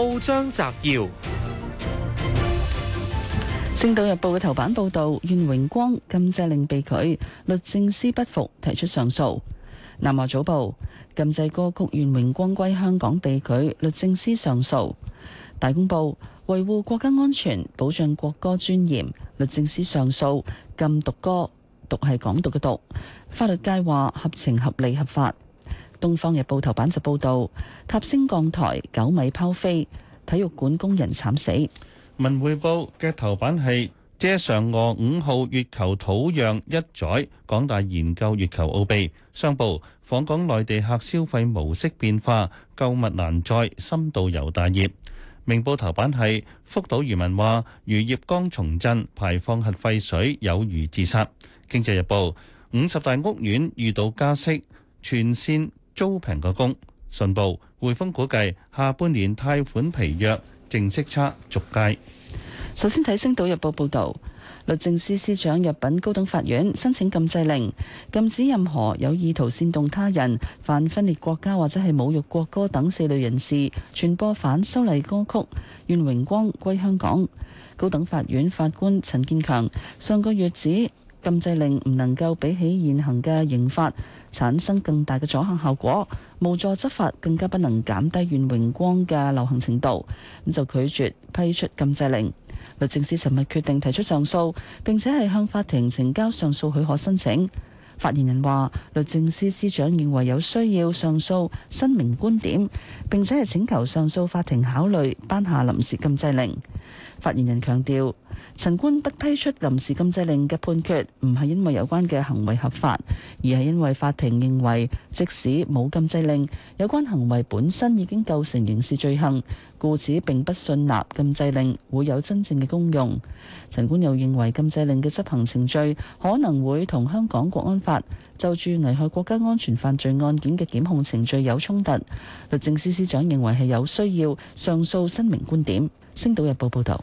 報章摘要：《星島日報》嘅頭版報道，願榮光禁制令被拒，律政司不服提出上訴。南華早報：禁制歌曲願榮光歸香港被拒，律政司上訴。大公報：維護國家安全，保障國歌尊嚴，律政司上訴禁獨歌，獨係港獨嘅獨。法律界話：合情、合理、合法。《東方日報》頭版就報道，塔升降台九米拋飛，體育館工人慘死。《文匯報》嘅頭版係遮嫦娥五號月球土壤一載，港大研究月球奧秘。《商報》訪港內地客消費模式變化，購物難再深度遊大熱。《明報》頭版係福島漁民話，漁業剛重振，排放核廢水有如自殺。《經濟日報》五十大屋苑遇到加息，全線。租平個工。信報匯豐估計下半年貸款疲弱，淨息差逐低。首先睇《星島日報》報導，律政司司長入禀高等法院申請禁制令，禁止任何有意圖煽動他人、犯分裂國家或者係侮辱國歌等四類人士傳播反修例歌曲。願榮光歸香港，高等法院法官陳建強上個月指。禁制令唔能夠比起現行嘅刑法產生更大嘅阻嚇效果，無助執法，更加不能減低願榮光嘅流行程度，咁就拒絕批出禁制令。律政司尋日決定提出上訴，並且係向法庭呈交上訴許可申請。發言人話，律政司司長認為有需要上訴申明觀點，並且係請求上訴法庭考慮頒下臨時禁制令。發言人強調，陳官不批出臨時禁制令嘅判決，唔係因為有關嘅行為合法，而係因為法庭認為，即使冇禁制令，有關行為本身已經構成刑事罪行。故此並不信納禁制令會有真正嘅功用。陳官又認為禁制令嘅執行程序可能會同香港國安法就住危害國家安全犯罪案件嘅檢控程序有衝突。律政司司長認為係有需要上訴申明觀點。星島日報報道。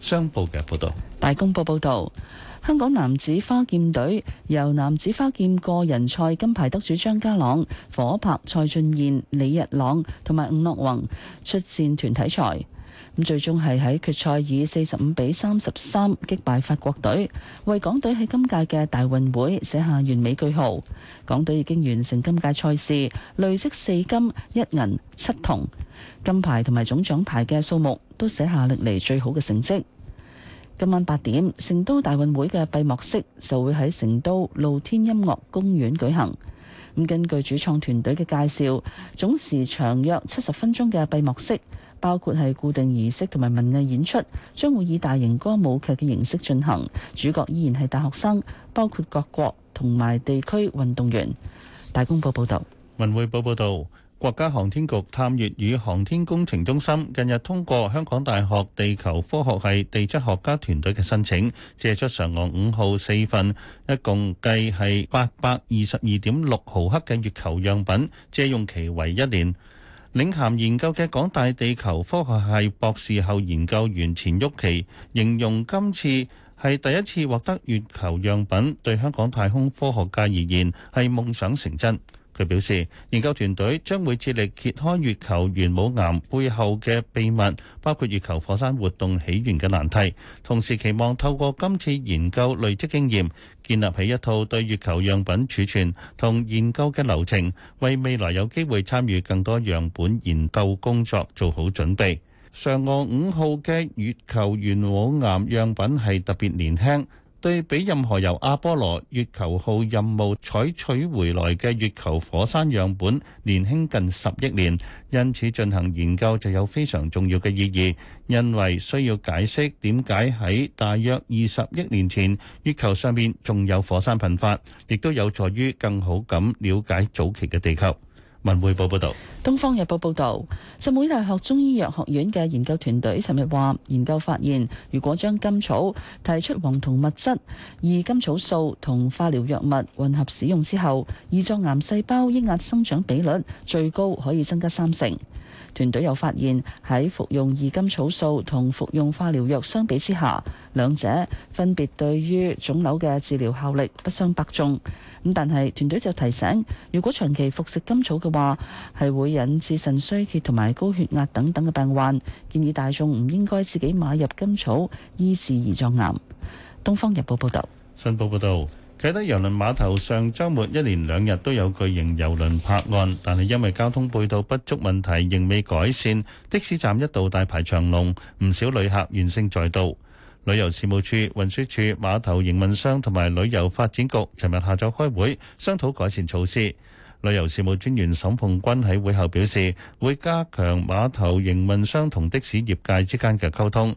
商報嘅報道，大公報報道，香港男子花劍隊由男子花劍個人賽金牌得主張家朗、伙拍蔡俊彥、李日朗同埋伍樂宏出戰團體賽。咁最終係喺決賽以四十五比三十三擊敗法國隊，為港隊喺今屆嘅大運會寫下完美句號。港隊已經完成今屆賽事，累積四金一銀七銅，金牌同埋總獎牌嘅數目，都寫下歷嚟最好嘅成績。今晚八點，成都大運會嘅閉幕式就會喺成都露天音樂公園舉行。根據主創團隊嘅介紹，總時長約七十分鐘嘅閉幕式，包括係固定儀式同埋文藝演出，將會以大型歌舞劇嘅形式進行。主角依然係大學生，包括各國同埋地區運動員。大公報報道。文匯報報道。國家航天局探月與航天工程中心近日通過香港大學地球科學系地質學家團隊嘅申請，借出嫦娥五號四份，一共計係八百二十二點六毫克嘅月球樣品，借用期為一年。領銜研究嘅港大地球科學系博士後研究員錢旭琪形容，今次係第一次獲得月球樣品，對香港太空科學界而言係夢想成真。佢表示，研究團隊將會致力揭開月球玄武岩背後嘅秘密，包括月球火山活動起源嘅難題。同時期望透過今次研究累積經驗，建立起一套對月球樣品儲存同研究嘅流程，為未來有機會參與更多樣本研究工作做好準備。嫦娥五號嘅月球玄武岩樣品係特別年輕。對比任何由阿波羅月球號任務採取回來嘅月球火山樣本，年輕近十億年，因此進行研究就有非常重要嘅意義。因為需要解釋點解喺大約二十億年前，月球上面仲有火山噴發，亦都有助於更好咁了解早期嘅地球。文匯報報道，東方日報報道，浸會大學中醫藥學院嘅研究團隊尋日話，研究發現，如果將甘草提出黃酮物質，而甘草素同化療藥物混合使用之後，胰臟癌細胞抑壓生長比率最高可以增加三成。團隊又發現喺服用二甘草素同服用化療藥相比之下，兩者分別對於腫瘤嘅治療效力不相伯仲。咁但係團隊就提醒，如果長期服食甘草嘅話，係會引致腎衰竭同埋高血壓等等嘅病患。建議大眾唔應該自己買入甘草醫治胰臟癌。《東方日報》報道。《信報》報道。啟德郵輪碼頭上周末一連兩日都有巨型郵輪泊岸，但係因為交通配套不足問題仍未改善，的士站一度大排長龍，唔少旅客怨聲載道。旅遊事務署、運輸署、碼頭營運商同埋旅遊發展局尋日下晝開會，商討改善措施。旅遊事務專員沈鳳君喺會後表示，會加強碼頭營運商同的士業界之間嘅溝通。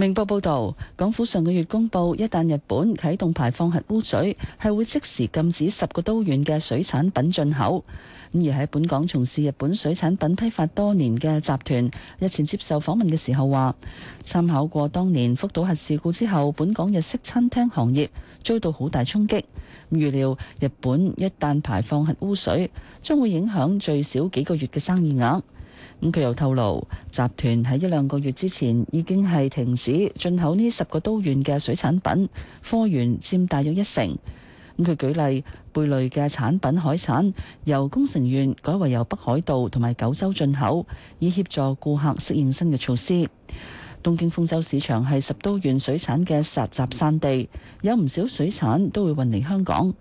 明報報導，港府上個月公布，一旦日本啟動排放核污水，係會即時禁止十個都縣嘅水產品進口。咁而喺本港從事日本水產品批發多年嘅集團，日前接受訪問嘅時候話，參考過當年福島核事故之後，本港日式餐廳行業遭到好大衝擊。預料日本一旦排放核污水，將會影響最少幾個月嘅生意額。咁佢又透露，集團喺一兩個月之前已經係停止進口呢十個都縣嘅水產品，貨源佔大約一成。咁佢舉例，貝類嘅產品海產由宮城縣改為由北海道同埋九州進口，以協助顧客適應新嘅措施。東京豐洲市場係十都縣水產嘅集集散地，有唔少水產都會運嚟香港。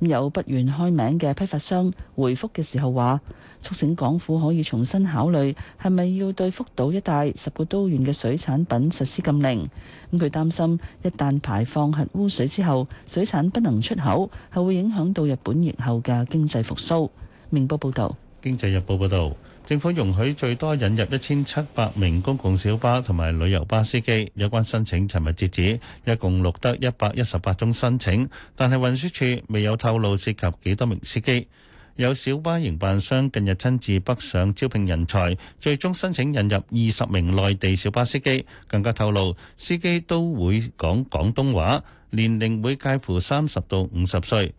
有不願開名嘅批發商回覆嘅時候話，促請港府可以重新考慮係咪要對福島一帶十個都縣嘅水產品實施禁令。咁佢擔心一旦排放核污水之後，水產不能出口，係會影響到日本疫後嘅經濟復蘇。明報報道，經濟日報報道。政府容許最多引入一千七百名公共小巴同埋旅遊巴司機，有關申請尋日截止，一共錄得一百一十八宗申請，但係運輸署未有透露涉及幾多名司機。有小巴營辦商近日親自北上招聘人才，最終申請引入二十名內地小巴司機，更加透露司機都會講廣東話，年齡會介乎三十到五十歲。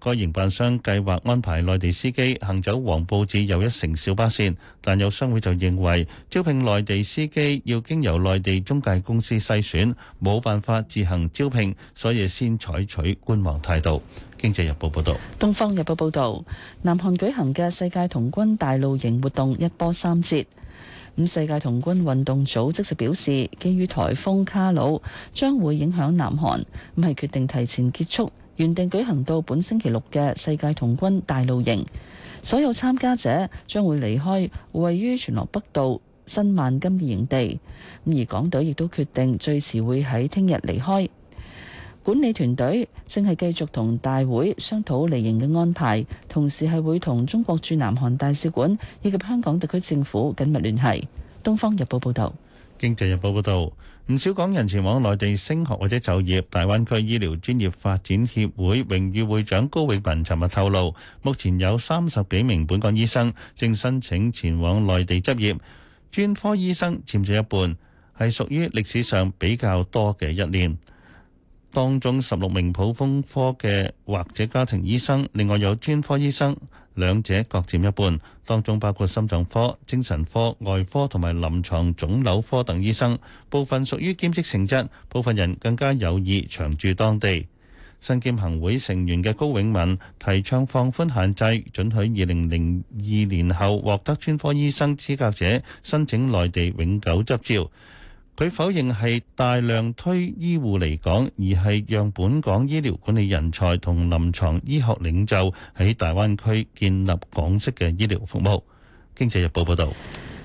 該營辦商計劃安排內地司機行走黃埔至又一城小巴線，但有商會就認為招聘內地司機要經由內地中介公司篩選，冇辦法自行招聘，所以先採取觀望態度。經濟日報報導，東方日報報道：「南韓舉行嘅世界童軍大露營活動一波三折。咁世界童軍運動組織就表示，基於颱風卡魯將會影響南韓，咁係決定提前結束。原定舉行到本星期六嘅世界童軍大露營，所有參加者將會離開位於全羅北道新萬金嘅營地。咁而港隊亦都決定最遲會喺聽日離開。管理團隊正係繼續同大會商討離營嘅安排，同時係會同中國駐南韓大使館以及香港特區政府緊密聯繫。《東方日報》報道，《經濟日報》報道。唔少港人前往內地升學或者就業。大灣區醫療專業發展協會榮譽會長高永文尋日透露，目前有三十幾名本港醫生正申請前往內地執業，專科醫生佔咗一半，係屬於歷史上比較多嘅一年。當中十六名普通科嘅或者家庭醫生，另外有專科醫生，兩者各佔一半。當中包括心臟科、精神科、外科同埋臨床腫瘤科等醫生。部分屬於兼職性質，部分人更加有意長住當地。新僱行會成員嘅高永文提倡放寬限制，准許二零零二年後獲得專科醫生資格者申請內地永久執照。佢否認係大量推醫護嚟港，而係讓本港醫療管理人才同臨床醫學領袖喺大灣區建立港式嘅醫療服務。經濟日報報導。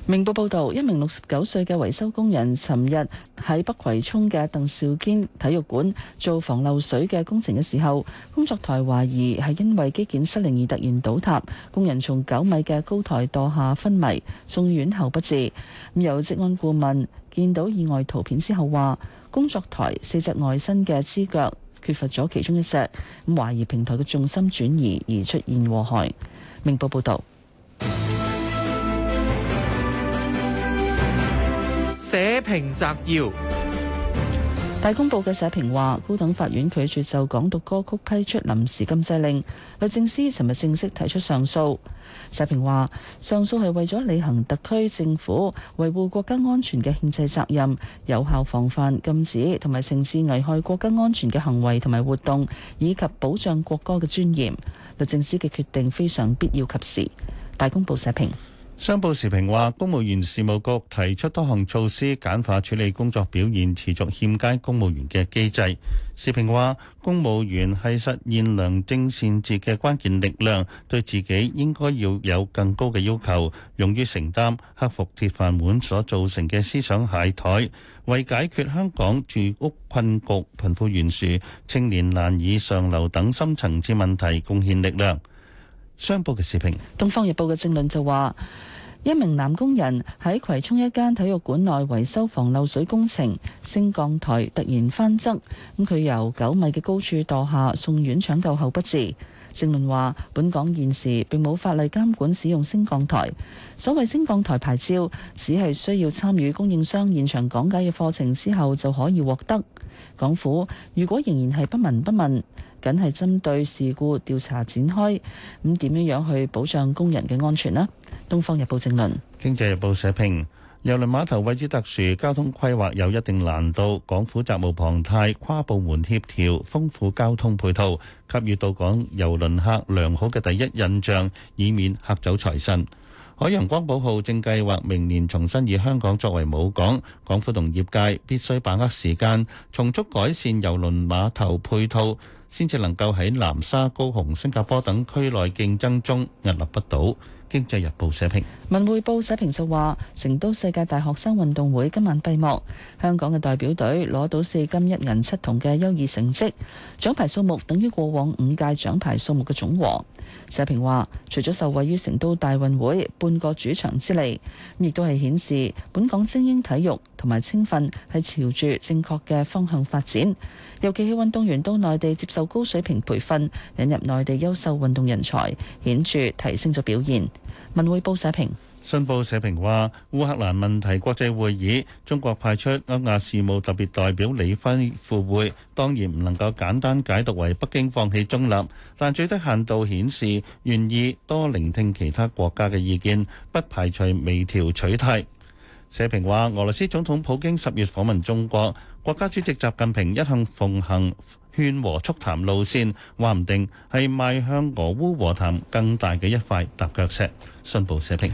明報報道，一名六十九歲嘅維修工人，尋日喺北葵涌嘅鄧肇堅體育館做防漏水嘅工程嘅時候，工作台懷疑係因為機件失靈而突然倒塌，工人從九米嘅高台墮下昏迷，送院後不治。咁有職安顧問見到意外圖片之後話，工作台四隻外身嘅支腳缺乏咗其中一隻，咁懷疑平台嘅重心轉移而出現禍害。明報報道。社評摘要：大公報嘅社評話，高等法院拒絕就港獨歌曲批出臨時禁制令，律政司尋日正式提出上訴。社評話，上訴係為咗履行特區政府維護國家安全嘅憲制責任，有效防範、禁止同埋懲治危害國家安全嘅行為同埋活動，以及保障國歌嘅尊嚴。律政司嘅決定非常必要及時。大公報社評。商報時評話，公務員事務局提出多項措施，簡化處理工作表現持續欠佳公務員嘅機制。時評話，公務員係實現良政善治嘅關鍵力量，對自己應該要有更高嘅要求，勇於承擔克服鐵飯碗所造成嘅思想懈怠，為解決香港住屋困局、貧富懸殊、青年難以上流等深層次問題貢獻力量。商報嘅視頻，《東方日報》嘅正論就話：一名男工人喺葵涌一間體育館內維修防漏水工程，升降台突然翻側，咁佢由九米嘅高處墮下，送院搶救後不治。正論話：本港現時並冇法例監管使用升降台，所謂升降台牌照，只係需要參與供應商現場講解嘅課程之後就可以獲得。港府如果仍然係不聞不問。僅係針對事故調查展開，咁點樣樣去保障工人嘅安全呢？《東方日報》正論，《經濟日報》社評：郵輪碼頭位置特殊，交通規劃有一定難度，港府責無旁貸，跨部門協調、豐富交通配套給予到港郵輪客良好嘅第一印象，以免嚇走財神。海洋光寶號正計劃明年重新以香港作為母港，港府同業界必須把握時間，重速改善郵輪碼頭配套，先至能夠喺南沙、高雄、新加坡等區內競爭中屹立不倒。經濟日報社評，文匯報社評就話：成都世界大學生運動會今晚閉幕，香港嘅代表隊攞到四金一銀七銅嘅優異成績，獎牌數目等於過往五屆獎牌數目嘅總和。社評話：除咗受惠於成都大運會半個主場之利，亦都係顯示本港精英體育同埋青訓係朝住正確嘅方向發展。尤其係運動員到內地接受高水平培訓，引入內地優秀運動人才，顯著提升咗表現。文匯報社評。新報社評話，烏克蘭問題國際會議，中國派出歐亞事務特別代表李輝赴會，當然唔能夠簡單解讀為北京放棄中立，但最低限度顯示願意多聆聽其他國家嘅意見，不排除微調取替。社評話，俄羅斯總統普京十月訪問中國。國家主席習近平一向奉行勸和促談路線，話唔定係邁向俄烏和談更大嘅一塊踏腳石。信報社評。